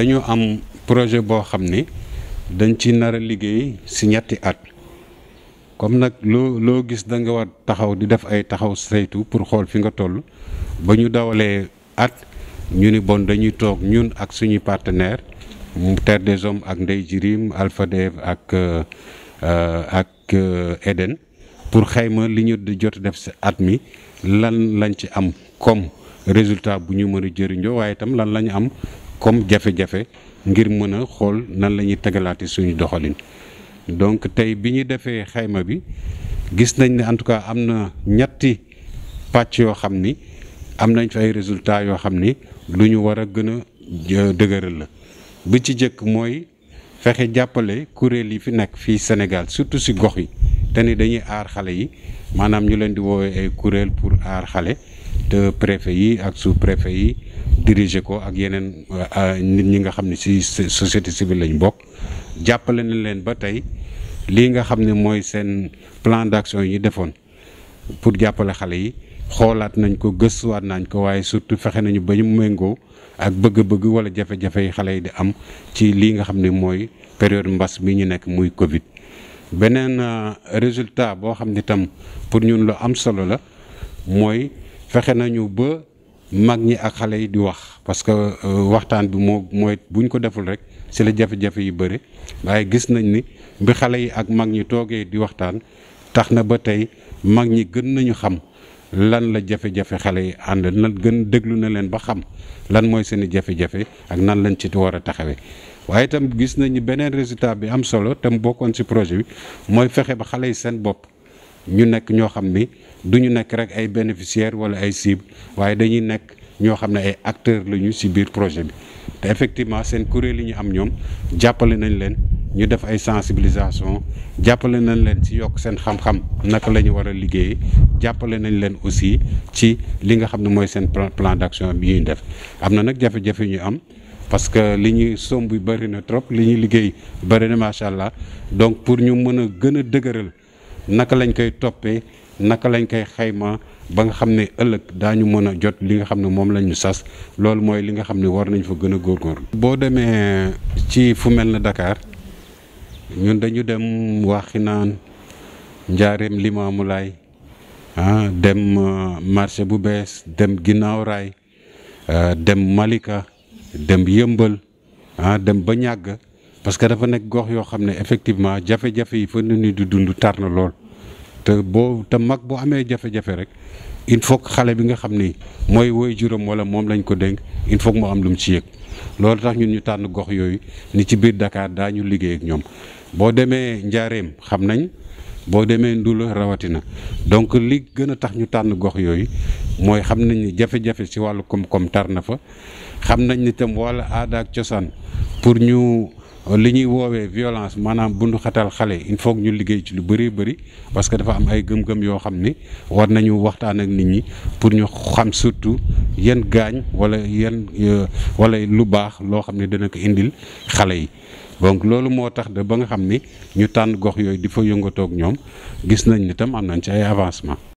dañu am projet boo xam ni dañ ci nar a liggéey si ñetti at comme nag loo loo gis da nga war taxaw di def ay taxaw saytu pour xool fi nga toll ba ñu dawalee at ñu ni bon dañuy toog ñun ak suñuy partenaire Terre des Hommes ak Ndey Jirim Alpha Dev ak euh, euh, ak euh, Eden pour xayma li ñu jot def si at mi lan lañ ci am comme résultat bu ñu mën a jëriñoo waaye itam lan la ñu am comme jafe-jafe ngir mën a xool nan la ñuy tegalaate suñu doxalin donc tey bi ñu defee xayma bi gis nañ ne en tout cas am na ñetti pàcc yoo xam ni am nañ fi ay résultats yoo xam ni lu ñu war a gën a euh, dëgëral la bi ci jëkk mooy fexe jàppale kuréel yi fi nekk fii Sénégal surtout si gox yi te ni dañuy aar xale yi maanaam ñu leen di woowee ay kuréel pour aar xale préfet yi ak sous préfet yi diriger ko ak yeneen euh, euh, nit ñi nga xam ne si société civile lañ bokk jàppale nañ leen ba tey lii nga xam ne mooy seen plan d'action yi ñu defoon pour jàppale xale yi xoolaat nañ ko gëstuwaat nañ ko waaye surtout fexe nañu ba ñu méngoo ak bëgg-bëgg wala jafe-jafe yi xale yi di am ci lii nga xam ni mooy période mbas bi ñu nekk muy Covid beneen euh, résultat boo xam ne tam pour ñun lu am solo la mooy. fexe nañu ba mag ñi ak xale yi di wax parce que euh, waxtaan bi moo mooy buñ ko deful rek si la jafe-jafe yu bëri waaye gis nañ ni bi xale yi ak mag ñi toogee di waxtaan tax na ba tey mag ñi gën nañu xam lan la jafe-jafe xale yi ànd na gën déglu na leen ba xam lan mooy seen i jafe-jafe ak nan lañ ci war a taxawee waaye itam gis nañu beneen résultat bi am solo tam bokkoon si projet bi mooy fexe ba xale yi seen bopp ñu nekk ñoo xam ni. duñu nek rek ay bénéficiaires wala ay cibles waye dañuy nek ño xamné ay acteurs la ci biir projet bi té effectivement sen kuréel li ñu am ñom jappalé nañ leen ñu def ay sensibilisation jappalé nañ leen ci yok sen xam-xam naka lañu wara liggéey jappalé liggéeyee jàppale nañ leen aussi ci li nga xamné moy sen plan d'action bi ñu def amna nak jafé jafé ñu am parce que li ñuy somb bëri na trop li ñuy liggéey bari na machallah donc pour ñu mëna gëna dëgeural naka lañ koy toppee naka lañ koy xayma ba nga xam ne ëllëg daañu mën a jot li nga xam ne moom la ñu sas loolu mooy li nga xam ne war nañ fa gën a góorgóorlu. boo demee ci fu mel ne dakaar ñun dañu dem Waxinaan Njaareem Limaamulaay ah dem euh, marché bu bees dem ginnaaw raay euh, dem Malika dem Yëmbal ah dem ba ñàgg parce que dafa nekk gox yoo xam ne effectivement jafe-jafe yi fa nit ñi di dund tar na lool. te boo te mag boo amee jafe-jafe rek il faut que xale bi nga xam ni mooy woy juróom wala moom lañ ko dénk il faut moo am lu mu ci yëg loolu tax ñun ñu tànn gox yooyu ni ci biir dakaar daañu liggéey ak ñoom boo demee Njaareem xam nañ boo demee Ndula rawatina donc li gën a tax ñu tànn gox yooyu mooy xam nañ ni jafe-jafe si wàllu koom-koom tar na fa xam nañ ni tam wala ak cosaan pour ñu li ñuy woowee violence maanaam bundu xatal xale il faut ñu liggéey ci lu bëri bëri parce que dafa am ay gëm-gëm yoo xam ni war nañu waxtaan ak nit ñi pour ñu xam surtout yan gaañ wala yan euh, wala lu baax loo xam ne dana ko indil xale yi. donc loolu moo tax de ba nga xam ni ñu tànn gox yooyu di fa yëngatoog ñoom gis nañ ni tam am nañ ci ay avancement